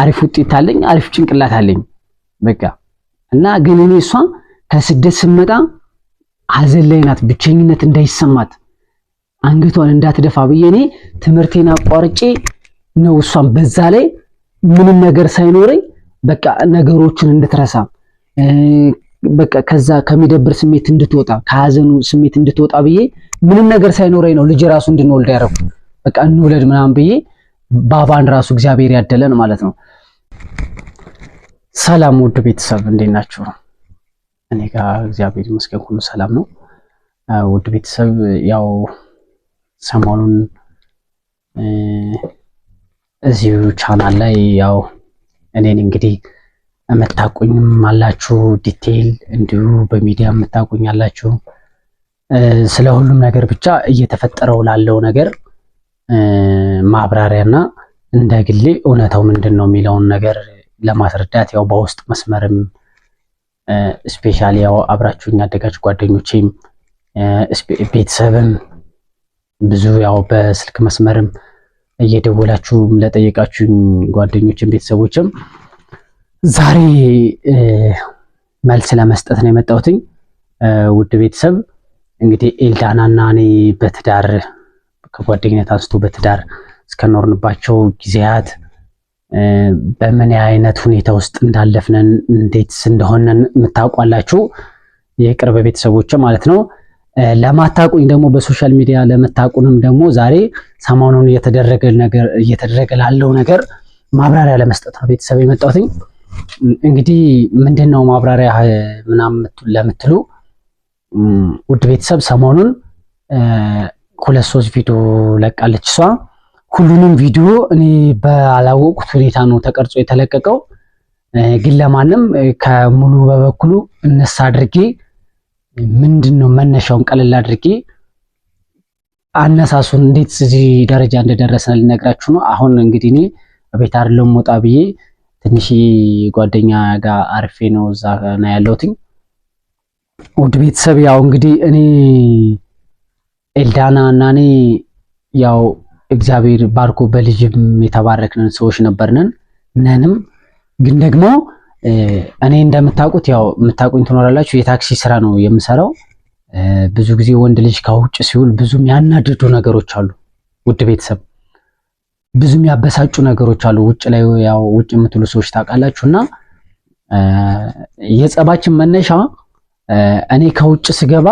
አሪፍ ውጤት አለኝ፣ አሪፍ ጭንቅላት አለኝ በቃ እና ግን እኔ እሷ ከስደት ስመጣ ሀዘን ላይ ናት፣ ብቸኝነት እንዳይሰማት አንገቷን እንዳትደፋ ብዬ እኔ ትምህርቴን አቋርጬ ነው እሷን በዛ ላይ ምንም ነገር ሳይኖረኝ በቃ ነገሮችን እንድትረሳ በቃ ከዛ ከሚደብር ስሜት እንድትወጣ ከሀዘኑ ስሜት እንድትወጣ ብዬ ምንም ነገር ሳይኖረኝ ነው ልጅ ራሱ እንድንወልድ ያደረኩ። በቃ እንውለድ ምናምን ብዬ ባባን ራሱ እግዚአብሔር ያደለን ማለት ነው። ሰላም ውድ ቤተሰብ እንዴት ናችሁ? እኔ ጋር እግዚአብሔር ይመስገን ሁሉ ሰላም ነው። ውድ ቤተሰብ ያው ሰሞኑን እዚሁ ቻናል ላይ ያው እኔን እንግዲህ የምታቁኝም አላችሁ ዲቴይል እንዲሁ በሚዲያ የምታቁኝ አላችሁ። ስለ ሁሉም ነገር ብቻ እየተፈጠረው ላለው ነገር ማብራሪያና እንደ ግሌ እውነታው ምንድን ነው የሚለውን ነገር ለማስረዳት ያው በውስጥ መስመርም ስፔሻሊ ያው አብራችሁኝ ያደጋችሁ ጓደኞቼም ቤተሰብም ብዙ ያው በስልክ መስመርም እየደወላችሁም ለጠየቃችሁኝ ጓደኞችም ቤተሰቦችም ዛሬ መልስ ለመስጠት ነው የመጣሁትኝ። ውድ ቤተሰብ እንግዲህ ኤልዳናና እኔ በትዳር ከጓደኝነት አንስቶ በትዳር እስከኖርንባቸው ጊዜያት በምን አይነት ሁኔታ ውስጥ እንዳለፍነን እንዴት እንደሆነን የምታውቋላችሁ የቅርብ ቤተሰቦች ማለት ነው። ለማታቁኝ ደግሞ በሶሻል ሚዲያ ለምታቁንም ደግሞ ዛሬ ሰሞኑን እየተደረገ ነገር እየተደረገ ላለው ነገር ማብራሪያ ለመስጠት ነው ቤተሰብ የመጣሁትኝ። እንግዲህ ምንድን ነው ማብራሪያ ምናምን ለምትሉ ውድ ቤተሰብ ሰሞኑን ሁለት ሶስት ቪዲዮ ለቃለች እሷ። ሁሉንም ቪዲዮ እኔ ባላወቅኩት ሁኔታ ነው ተቀርጾ የተለቀቀው። ግን ለማንም ከሙሉ በበኩሉ እነሳ አድርጌ ምንድን ነው መነሻውን ቀለል አድርጌ አነሳሱን እንዴት እዚህ ደረጃ እንደደረሰን ልነግራችሁ ነው። አሁን እንግዲህ እኔ ቤት አይደለም ወጣ ብዬ ትንሽ ጓደኛ ጋር አርፌ ነው እዛ ነው ያለሁትኝ። ውድ ቤተሰብ ያው እንግዲህ እኔ ኤልዳና እና እኔ ያው እግዚአብሔር ባርኮ በልጅም የተባረክንን ሰዎች ነበርንን ነንም። ግን ደግሞ እኔ እንደምታውቁት ያው የምታውቁኝ ትኖራላችሁ፣ የታክሲ ስራ ነው የምሰራው። ብዙ ጊዜ ወንድ ልጅ ከውጭ ሲውል ብዙም ያናድዱ ነገሮች አሉ፣ ውድ ቤተሰብ፣ ብዙም ያበሳጩ ነገሮች አሉ። ውጭ ላይ ያው ውጭ የምትሉ ሰዎች ታውቃላችሁ እና የጸባችን መነሻ እኔ ከውጭ ስገባ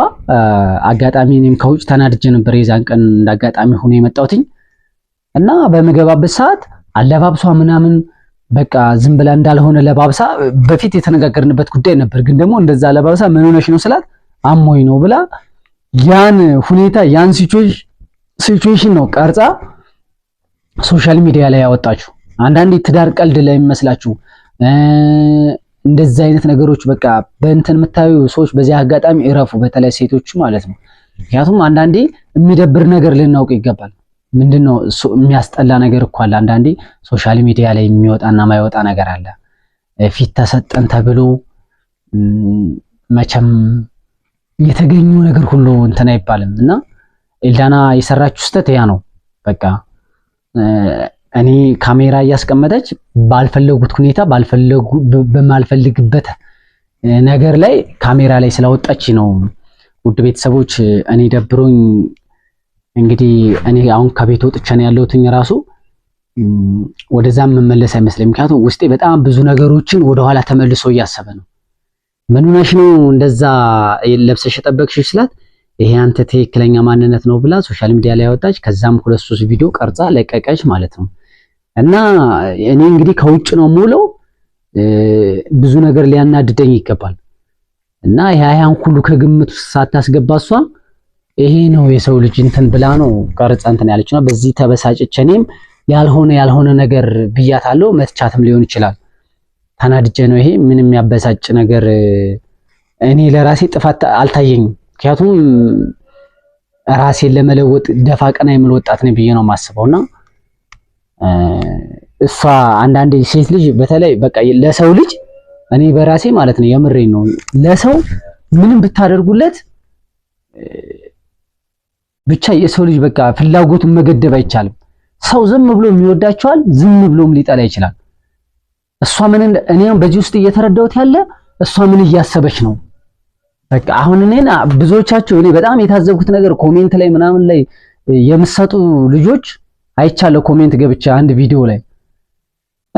አጋጣሚ እኔም ከውጭ ተናድጄ ነበር የዛን ቀን እንዳጋጣሚ ሆኖ የመጣሁትኝ እና በምገባበት ሰዓት አለባብሷ ምናምን በቃ ዝም ብላ እንዳልሆነ ለባብሳ በፊት የተነጋገርንበት ጉዳይ ነበር። ግን ደግሞ እንደዛ ለባብሳ ምን ሆነሽ ነው ስላት አሞኝ ነው ብላ ያን ሁኔታ ያን ሲቹዌሽን ነው ቀርጻ ሶሻል ሚዲያ ላይ ያወጣችሁ። አንዳንዴ ትዳር ቀልድ ላይ የሚመስላችሁ እንደዚህ አይነት ነገሮች በቃ በእንትን የምታዩ ሰዎች በዚህ አጋጣሚ እረፉ፣ በተለይ ሴቶቹ ማለት ነው። ምክንያቱም አንዳንዴ የሚደብር ነገር ልናውቅ ይገባል። ምንድነው የሚያስጠላ ነገር እኮ አለ። አንዳንዴ ሶሻል ሚዲያ ላይ የሚወጣና ማይወጣ ነገር አለ። ፊት ተሰጠን ተብሎ መቼም የተገኙ ነገር ሁሉ እንትን አይባልም እና ኤልዳና የሰራችው ስህተት ያ ነው በቃ እኔ ካሜራ እያስቀመጠች ባልፈለጉት ሁኔታ ባልፈለጉ በማልፈልግበት ነገር ላይ ካሜራ ላይ ስላወጣች ነው። ውድ ቤተሰቦች እኔ ደብሮኝ እንግዲህ እኔ አሁን ከቤት ወጥቼ ነው ያለሁትኝ ራሱ ወደዛም መመለስ አይመስለኝ። ምክንያቱም ውስጤ በጣም ብዙ ነገሮችን ወደኋላ ተመልሶ እያሰበ ነው። ምን ሆነሽ ነው እንደዛ ለብሰሽ የጠበቅሽ ስላት ይሄ አንተ ትክክለኛ ማንነት ነው ብላ ሶሻል ሚዲያ ላይ ያወጣች። ከዛም ሁለት ሶስት ቪዲዮ ቀርጻ ለቀቀች ማለት ነው። እና እኔ እንግዲህ ከውጭ ነው የምውለው። ብዙ ነገር ሊያናድደኝ ይገባል እና ያያን ሁሉ ከግምት ውስጥ ሳታስገባ እሷ ይሄ ነው የሰው ልጅ እንትን ብላ ነው ቀርጻ እንትን ነው። በዚህ ተበሳጭቼ እኔም ያልሆነ ያልሆነ ነገር ብያታለሁ። መትቻትም ሊሆን ይችላል ተናድጄ ነው። ይሄ ምንም ያበሳጭ ነገር እኔ ለራሴ ጥፋት አልታየኝም። ምክንያቱም ራሴን ለመለወጥ ደፋ ቀና የምል ወጣት ነኝ ብዬ ነው የማስበውና እሷ አንዳንዴ ሴት ልጅ በተለይ በቃ ለሰው ልጅ እኔ በራሴ ማለት ነው የምሬን ነው ለሰው ምንም ብታደርጉለት ብቻ የሰው ልጅ በቃ ፍላጎቱን መገደብ አይቻልም። ሰው ዝም ብሎ የሚወዳቸዋል፣ ዝም ብሎም ሊጠላ ይችላል። እሷ ምን እኔም በዚህ ውስጥ እየተረዳሁት ያለ እሷ ምን እያሰበች ነው? በቃ አሁን እኔን ብዙዎቻቸው እኔ በጣም የታዘብኩት ነገር ኮሜንት ላይ ምናምን ላይ የምሰጡ ልጆች አይቻለ። ኮሜንት ገብቼ አንድ ቪዲዮ ላይ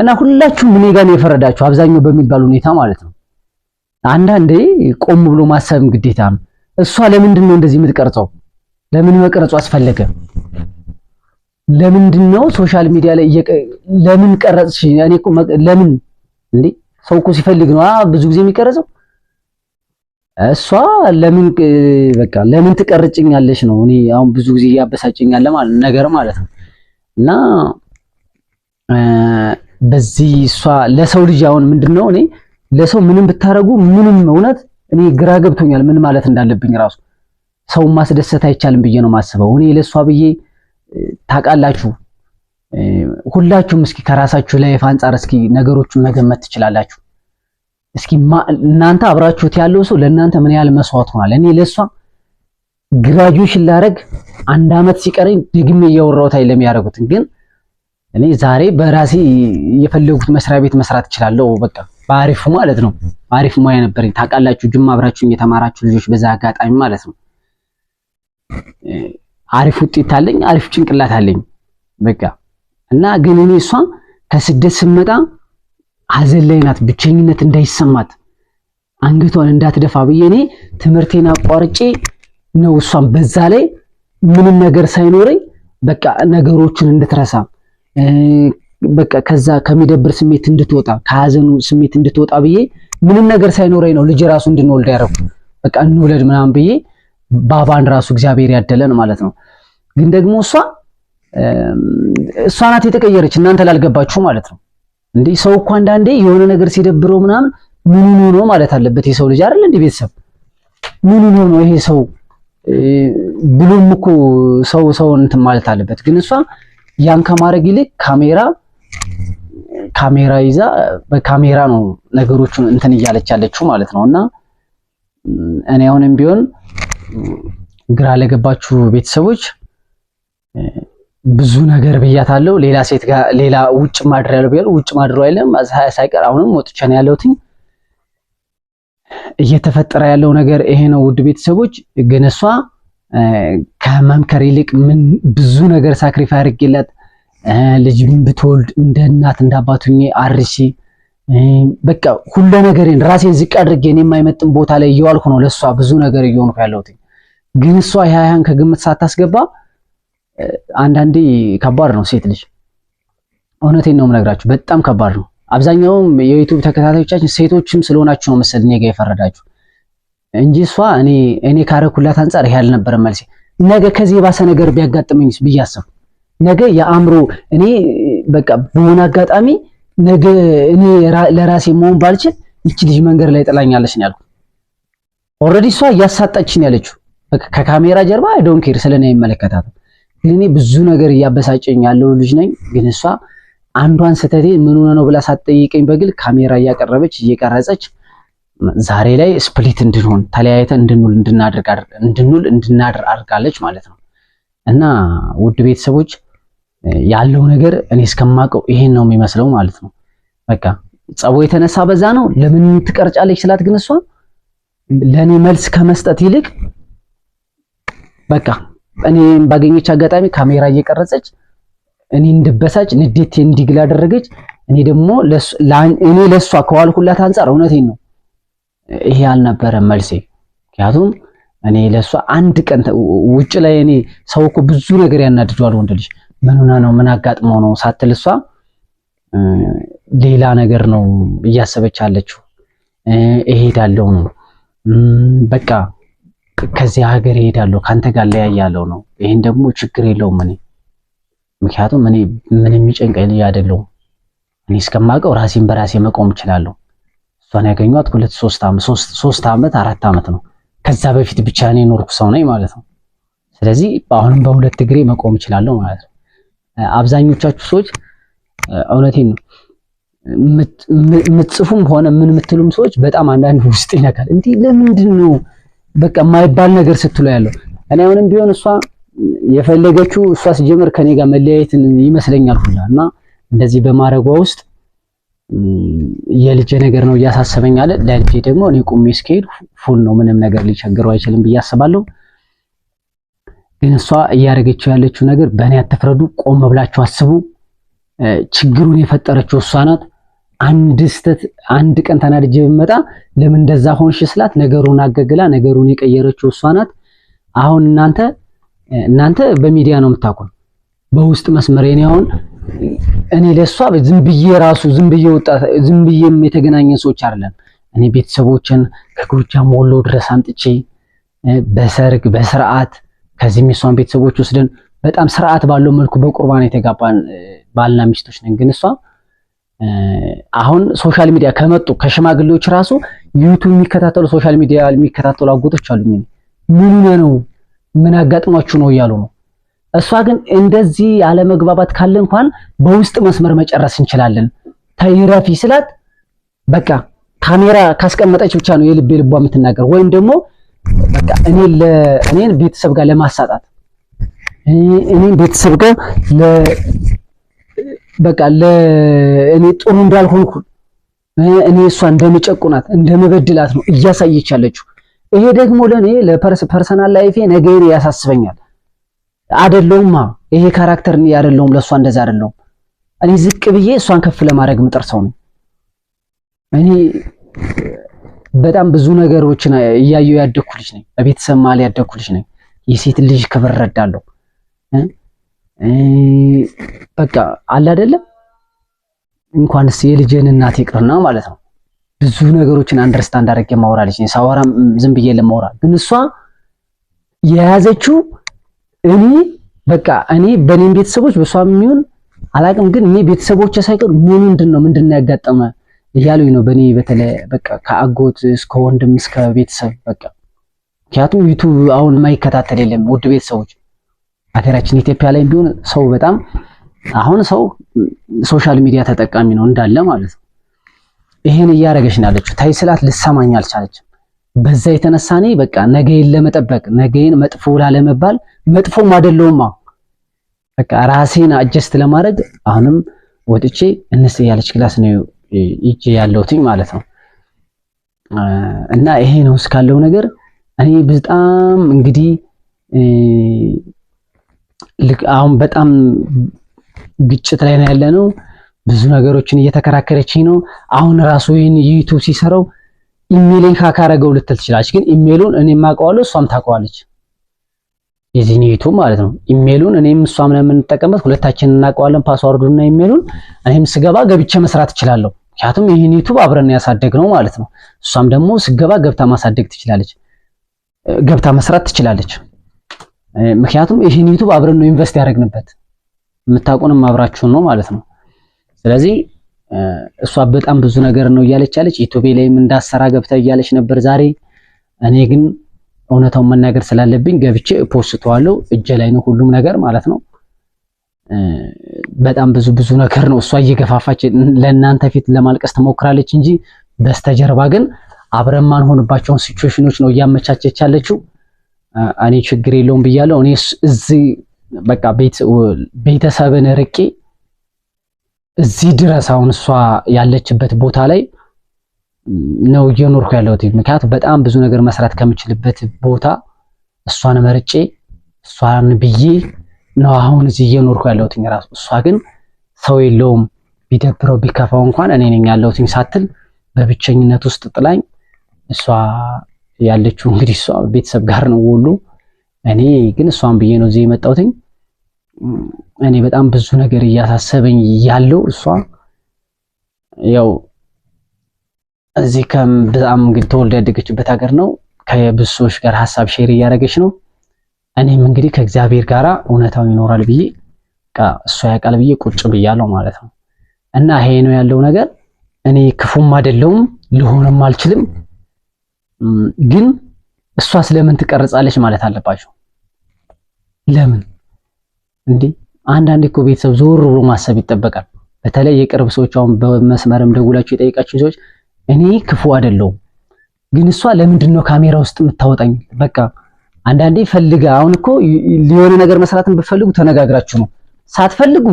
እና ሁላችሁም እኔ ጋር የፈረዳችሁ፣ አብዛኛው በሚባል ሁኔታ ማለት ነው። አንዳንዴ ቆም ብሎ ማሰብም ግዴታ ነው። እሷ ለምንድን ነው እንደዚህ የምትቀርጸው? ለምን መቅረጹ አስፈለገ? ለምንድን ነው ሶሻል ሚዲያ ላይ ለምን ቀረጽሽ? እኔ ለምን እንዴ ሰው እኮ ሲፈልግ ነው ብዙ ጊዜ የሚቀረጸው። እሷ ለምን በቃ ለምን ትቀርጭኛለሽ ነው እኔ አሁን ብዙ ጊዜ እያበሳጭኛለ ማለት ነገር ማለት ነው እና በዚህ እሷ ለሰው ልጅ አሁን ምንድን ነው እኔ ለሰው ምንም ብታረጉ ምንም እውነት እኔ ግራ ገብቶኛል። ምን ማለት እንዳለብኝ ራሱ ሰው ማስደሰት አይቻልም ብዬ ነው ማስበው። እኔ ለእሷ ብዬ ታውቃላችሁ። ሁላችሁም እስኪ ከራሳችሁ ላይፍ አንጻር እስኪ ነገሮችን መገመት ትችላላችሁ። እስኪ እናንተ አብራችሁት ያለው ሰው ለእናንተ ምን ያህል መስዋዕት ሆናል። እኔ ለእሷ ግራጁዌሽን ላደርግ አንድ አመት ሲቀረኝ ደግሜ እያወራሁት አይደለም ያደረጉትን ግን እኔ ዛሬ በራሴ የፈለጉት መስሪያ ቤት መስራት እችላለሁ። በቃ በአሪፉ ማለት ነው። አሪፍ ሙያ ነበረኝ። ታውቃላችሁ፣ ጅማ አብራችሁ የተማራችሁ ልጆች፣ በዛ አጋጣሚ ማለት ነው አሪፍ ውጤት አለኝ፣ አሪፍ ጭንቅላት አለኝ። በቃ እና ግን እኔ እሷ ከስደት ስመጣ ሀዘን ላይ ናት፣ ብቸኝነት እንዳይሰማት አንገቷን እንዳትደፋ ብዬ እኔ ትምህርቴን አቋርጬ ነው እሷን በዛ ላይ ምንም ነገር ሳይኖረኝ በቃ ነገሮችን እንድትረሳ በቃ ከዛ ከሚደብር ስሜት እንድትወጣ ከሀዘኑ ስሜት እንድትወጣ ብዬ ምንም ነገር ሳይኖረኝ ነው ልጅ ራሱ እንድንወልድ ያደረጉ በቃ እንውለድ ምናምን ብዬ ባባን ራሱ እግዚአብሔር ያደለን ማለት ነው። ግን ደግሞ እሷ እሷ ናት የተቀየረች፣ እናንተ ላልገባችሁ ማለት ነው። እንዲህ ሰው እኮ አንዳንዴ የሆነ ነገር ሲደብረው ምናምን ምኑኑ ሆኖ ማለት አለበት የሰው ልጅ አይደል? እንዲህ ቤተሰብ ምኑኑ ሆኖ ይሄ ሰው ብሎም እኮ ሰው ሰው እንትን ማለት አለበት። ግን እሷ ያን ከማድረግ ይልቅ ካሜራ ካሜራ ይዛ በካሜራ ነው ነገሮቹን እንትን እያለች ያለችው ማለት ነው። እና እኔ አሁንም ቢሆን ግራ ለገባችሁ ቤተሰቦች ብዙ ነገር ብያታለሁ። ሌላ ሴት ጋር ሌላ ውጭ ማድረው ያለው ቢያል ውጭ ማድረው አይደለም ሳይቀር አሁንም ወጥቼ ነው ያለሁት። እየተፈጠረ ያለው ነገር ይሄ ነው ውድ ቤተሰቦች ግን እሷ ከመምከር ይልቅ ምን ብዙ ነገር ሳክሪፋይ አድርጌላት ልጅ ብትወልድ እንደ እናት እንደ አባቱኝ አርሺ በቃ ሁሉ ነገሬን ራሴን ዝቅ አድርጌ እኔ የማይመጥን ቦታ ላይ እየዋልኩ ነው ለእሷ ብዙ ነገር እየሆንኩ ያለሁት። ግን እሷ ያያን ከግምት ሳታስገባ አንዳንዴ ከባድ ነው ሴት ልጅ። እውነቴን ነው የምነግራችሁ፣ በጣም ከባድ ነው። አብዛኛውም የዩቱብ ተከታታዮቻችን ሴቶችም ስለሆናችሁ ነው መሰል እኔ ጋ የፈረዳችሁ እንጂ እሷ እኔ እኔ ካረኩላት አንጻር ይሄ አልነበረ መልሴ። ነገ ከዚህ የባሰ ነገር ቢያጋጥመኝ ብዬ አሰብኩ። ነገ የአእምሮ እኔ በቃ በሆነ አጋጣሚ ነገ እኔ ለራሴ መሆን ባልችል ይቺ ልጅ መንገድ ላይ ጥላኛለች ነው ያልኩት። ኦልሬዲ እሷ እያሳጣችን ያለችው። በቃ ከካሜራ ጀርባ አይ ዶንት ኬር ስለኔ አይመለከታትም። እኔ ብዙ ነገር እያበሳጨኝ ያለው ልጅ ነኝ፣ ግን እሷ አንዷን ስህተቴ ምን ሆነ ነው ብላ ሳትጠይቀኝ በግል ካሜራ እያቀረበች እየቀረጸች ዛሬ ላይ ስፕሊት እንድንሆን ተለያይተን እንድንውል እንድናደርግ እንድንውል እንድናድር አድርጋለች ማለት ነው። እና ውድ ቤተሰቦች ያለው ነገር እኔ እስከማውቀው ይሄን ነው የሚመስለው ማለት ነው። በቃ ጸቦ የተነሳ በዛ ነው። ለምን ትቀርጫለች ስላት ግን እሷ ለእኔ መልስ ከመስጠት ይልቅ በቃ እኔ ባገኘች አጋጣሚ ካሜራ እየቀረጸች እኔ እንድበሳጭ ንዴት እንዲግል አደረገች። እኔ ደግሞ እኔ ለእሷ ከዋልኩላት አንጻር እውነቴን ነው ይሄ አልነበረም መልሴ። ምክንያቱም እኔ ለእሷ አንድ ቀን ውጭ ላይ እኔ ሰው እኮ ብዙ ነገር ያናድዷል። ወንድ ልጅ ምን ነው ምን አጋጥመው ነው ሳትል እሷ ሌላ ነገር ነው እያሰበች አለችው። እሄዳለሁ ነው በቃ ከዚህ ሀገር እሄዳለሁ ከአንተ ጋር ለያያለው ነው። ይሄን ደግሞ ችግር የለውም እኔ ምክንያቱም እኔ ምን የሚጨንቀኝ ልጅ አይደለሁም። እኔ እስከማውቀው ራሴን በራሴ መቆም እችላለሁ። እሷን ያገኟት ሁለት ሶስት ዓመት ሶስት ዓመት አራት ዓመት ነው። ከዛ በፊት ብቻ እኔ ኖርኩ ሰው ነኝ ማለት ነው። ስለዚህ አሁንም በሁለት እግሬ መቆም እችላለሁ ማለት ነው። አብዛኞቻችሁ ሰዎች እውነቴን ነው ምትጽፉም ሆነ ምን ምትሉም ሰዎች በጣም አንዳንድ ውስጥ ይነካል። እንዲህ ለምንድን ነው በቃ የማይባል ነገር ስትሉ ያለው? እኔ አሁንም ቢሆን እሷ የፈለገችው እሷ ሲጀምር ከኔ ጋር መለያየትን ይመስለኛል ሁላ እና እንደዚህ በማረጓ ውስጥ የልጄ ነገር ነው እያሳሰበኝ አለ። ለልጄ ደግሞ እኔ ቁሜ እስከሄድ ፉል ነው፣ ምንም ነገር ሊቸግረው አይችልም ብዬ አስባለሁ። ግን እሷ እያደረገችው ያለችው ነገር በእኔ አትፍረዱ፣ ቆም ብላችሁ አስቡ። ችግሩን የፈጠረችው እሷ ናት። አንድ ስተት አንድ ቀን ተናድጄ ብመጣ ለምን እንደዛ ሆንሽ ስላት ነገሩን አገግላ ነገሩን የቀየረችው እሷ ናት። አሁን እናንተ እናንተ በሚዲያ ነው የምታውቁን፣ በውስጥ መስመር የኔ አሁን እኔ ለእሷ ዝም ብዬ ራሱ ዝም ብዬ ወጣ ዝም ብዬም የተገናኘ ሰዎች አይደለም። እኔ ቤተሰቦችን ከጎጃም ወሎ ድረስ አምጥቼ በሰርግ በስርዓት ከዚህም የሷን ቤተሰቦች ወስደን በጣም ስርዓት ባለው መልኩ በቁርባን የተጋባን ባልና ሚስቶች ነን። ግን እሷ አሁን ሶሻል ሚዲያ ከመጡ ከሽማግሌዎች ራሱ ዩቱብ የሚከታተሉ ሶሻል ሚዲያ የሚከታተሉ አጎቶች አሉ። ምን ነው ምን አጋጥሟችሁ ነው እያሉ ነው እሷ ግን እንደዚህ ያለመግባባት ካለ እንኳን በውስጥ መስመር መጨረስ እንችላለን። ተይረፊ ስላት በቃ ካሜራ ካስቀመጠች ብቻ ነው የልቤ ልቧ የምትናገር ወይም ደግሞ በቃ እኔ እኔን ቤተሰብ ጋር ለማሳጣት እኔን ቤተሰብ ጋር ለ በቃ ለእኔ ጥሩ እንዳልሆንኩ እኔ እሷ እንደመጨቁናት እንደመበድላት ነው እያሳየች ያለችው። ይሄ ደግሞ ለእኔ ለፐርሰናል ላይፌ ነገ ያሳስበኛል። አደለውማ ይሄ ካራክተር እኔ አደለውም፣ ለእሷ እንደዛ አደለውም። እኔ ዝቅ ብዬ እሷን ከፍ ለማድረግ ምጥር ሰው ነኝ። እኔ በጣም ብዙ ነገሮችን እያየው ያደኩ ልጅ ነኝ። በቤተሰብ መሀል ያደኩ ልጅ ነኝ። የሴት ልጅ ክብር እረዳለሁ። በቃ አለ አይደለም እንኳንስ የልጅን እናት ይቅርና ማለት ነው ብዙ ነገሮችን አንደርስታንድ አድርጌ ማውራ ልጅ ነኝ። ሳወራም ዝም ብዬ ለማውራ ግን እሷ የያዘችው እኔ በቃ እኔ በእኔም ቤተሰቦች በሷ የሚሆን አላቅም፣ ግን እኔ ቤተሰቦች ሳይቀር ምን ምንድን ነው ምንድን ነው ያጋጠመ እያሉኝ ነው። በእኔ በተለይ በቃ ከአጎት እስከ ወንድም እስከ ቤተሰብ በቃ ምክንያቱም ዩቱብ አሁን የማይከታተል የለም። ውድ ቤተሰቦች ሀገራችን ኢትዮጵያ ላይ ቢሆን ሰው በጣም አሁን ሰው ሶሻል ሚዲያ ተጠቃሚ ነው እንዳለ ማለት ነው። ይሄን እያደረገች ነው ያለችው። ታይ ስላት ልሰማኝ አልቻለችም። በዛ የተነሳ እኔ በቃ ነገዬን ለመጠበቅ ነገዬን መጥፎ ላለመባል መጥፎም አይደለውማ በቃ ራሴን አጀስት ለማድረግ አሁንም ወጥቼ እነስ ያለች ክላስ ነው ይጄ ያለሁትኝ ማለት ነው። እና ይሄ ነው እስካለው ነገር እኔ በጣም እንግዲህ አሁን በጣም ግጭት ላይ ነው ያለ ነው። ብዙ ነገሮችን እየተከራከረችኝ ነው። አሁን ራሱ ይህን ዩቱብ ሲሰራው ኢሜይልን ካካረገው ልትል ትችላለች። ግን ኢሜሉን እኔም አውቀዋለሁ እሷም ታውቀዋለች። የዚህ ማለት ነው። ኢሜሉን እኔም እሷም ነው የምንጠቀምበት፣ ሁለታችን እናውቀዋለን። ፓስዋርዱና ኢሜሉን። እኔም ስገባ ገብቼ መስራት እችላለሁ። ምክንያቱም ይህን ዩቱብ አብረን ያሳደግ ነው ማለት ነው። እሷም ደግሞ ስገባ ገብታ ማሳደግ ትችላለች፣ ገብታ መስራት ትችላለች። ምክንያቱም ይህን ዩቱብ አብረን ነው ኢንቨስት ያደረግንበት። የምታውቁንም አብራችሁን ነው ማለት ነው። ስለዚህ እሷ በጣም ብዙ ነገር ነው እያለች ያለች ኢትዮጵያ ላይም እንዳሰራ ገብታ እያለች ነበር ዛሬ። እኔ ግን እውነታውን መናገር ስላለብኝ ገብቼ ፖስተዋለሁ። እጄ ላይ ነው ሁሉም ነገር ማለት ነው። በጣም ብዙ ብዙ ነገር ነው እሷ እየገፋፋች ለእናንተ ፊት ለማልቀስ ትሞክራለች እንጂ በስተጀርባ ግን አብረን ማንሆንባቸውን ሲቹዌሽኖች ነው እያመቻቸች ያለችው። እኔ ችግር የለውም ብያለሁ። እኔ እዚህ በቃ ቤተሰብን ርቄ እዚህ ድረስ አሁን እሷ ያለችበት ቦታ ላይ ነው እየኖርኩ ያለሁት። ምክንያቱም በጣም ብዙ ነገር መስራት ከምችልበት ቦታ እሷን መርጬ እሷን ብዬ ነው አሁን እዚህ እየኖርኩ ያለሁት ራሱ። እሷ ግን ሰው የለውም ቢደብረው ቢከፋው እንኳን እኔ ነኝ ያለሁትኝ ሳትል በብቸኝነት ውስጥ ጥላኝ እሷ ያለችው እንግዲህ እሷ ቤተሰብ ጋር ነው ወሎ። እኔ ግን እሷን ብዬ ነው እዚህ የመጣሁትኝ። እኔ በጣም ብዙ ነገር እያሳሰበኝ ያለው እሷ ያው እዚህ በጣም እንግዲህ ተወልዳ ያደገችበት ሀገር ነው። ከብዙ ሰዎች ጋር ሀሳብ ሼር እያደረገች ነው። እኔም እንግዲህ ከእግዚአብሔር ጋራ እውነታው ይኖራል ብዬ እሷ ያውቃል ብዬ ቁጭ ብያለው ማለት ነው። እና ይሄ ነው ያለው ነገር። እኔ ክፉም አይደለውም ልሆንም አልችልም። ግን እሷ ስለምን ትቀርጻለች ማለት አለባቸው ለምን እንዴ አንዳንዴ እኮ ቤተሰብ ዞር ብሎ ማሰብ ይጠበቃል። በተለይ የቅርብ ሰዎች አሁን በመስመርም ደውላችሁ የጠየቃችሁ ሰዎች እኔ ክፉ አይደለሁም፣ ግን እሷ ለምንድን ነው ካሜራ ውስጥ የምታወጣኝ? በቃ አንዳንዴ ፈልጋ አሁን እኮ ሊሆነ ነገር መስራትን ብትፈልጉ ተነጋግራችሁ ነው። ሳትፈልጉ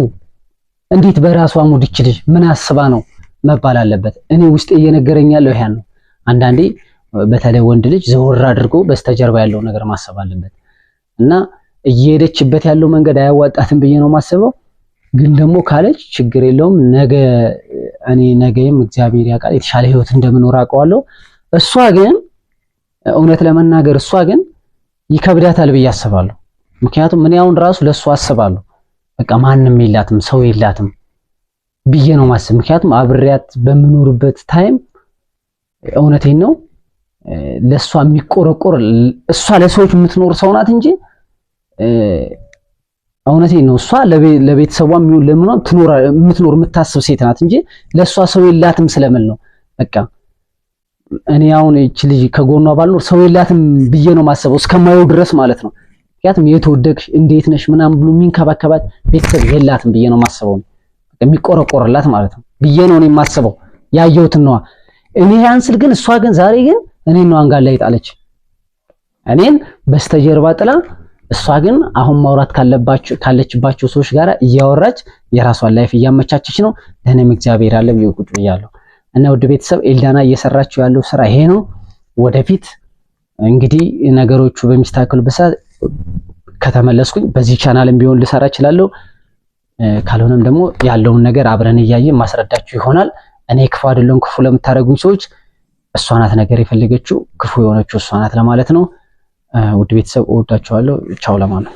እንዴት በራሷ ሙድ ይች ልጅ ምን አስባ ነው መባል አለበት። እኔ ውስጤ እየነገረኝ ያለው ይሄን ነው። አንዳንዴ በተለይ ወንድ ልጅ ዘወር አድርጎ በስተጀርባ ያለው ነገር ማሰብ አለበት እና እየሄደችበት ያለው መንገድ አያዋጣትም ብዬ ነው የማስበው። ግን ደግሞ ካለች ችግር የለውም። ነገ እኔ ነገም እግዚአብሔር ያውቃል የተሻለ ህይወት እንደምኖር አውቀዋለሁ። እሷ ግን እውነት ለመናገር እሷ ግን ይከብዳታል ብዬ አስባለሁ። ምክንያቱም እኔ አሁን ራሱ ለእሷ አስባለሁ። በቃ ማንም የላትም ሰው የላትም ብዬ ነው ማስብ። ምክንያቱም አብሬያት በምኖርበት ታይም እውነቴን ነው ለእሷ የሚቆረቆር እሷ ለሰዎች የምትኖር ሰው ናት እንጂ እውነቴን ነው። እሷ ለቤተሰቧ የሚሆን ለምኗ የምትኖር የምታስብ ሴት ናት እንጂ ለእሷ ሰው የላትም ስለምል ነው። በቃ እኔ አሁን ይቺ ልጅ ከጎኗ ባልኖር ሰው የላትም ብዬ ነው ማሰበው እስከማየው ድረስ ማለት ነው። ምክንያቱም የተወደቅሽ እንዴት ነሽ ምናምን ብሎ የሚንከባከባት ቤተሰብ የላትም ብዬ ነው ማሰበው። የሚቆረቆርላት ማለት ነው ብዬ ነው እኔ የማስበው። ያየሁትን ነዋ። እኔ ያንስል ግን እሷ ግን ዛሬ ግን እኔን ነው አንጋላ ይጣለች እኔን በስተጀርባ ጥላ እሷ ግን አሁን ማውራት ካለችባቸው ሰዎች ጋር እያወራች የራሷን ላይፍ እያመቻቸች ነው። እኔም እግዚአብሔር አለ ብዬ ቁጭ ብያለሁ። እና ውድ ቤተሰብ ኤልዳና እየሰራችው ያለው ስራ ይሄ ነው። ወደፊት እንግዲህ ነገሮቹ በሚስተካከሉበት ሰዓት ከተመለስኩኝ በዚህ ቻናልም ቢሆን ልሰራ እችላለሁ። ካልሆነም ደግሞ ያለውን ነገር አብረን እያየን ማስረዳችሁ ይሆናል። እኔ ክፉ አይደለሁም። ክፉ ለምታደርጉኝ ሰዎች እሷ ናት ነገር የፈለገችው ክፉ የሆነችው እሷ ናት ለማለት ነው። ውድ ቤተሰብ እወዳችኋለሁ። ቻው ለማ ነው።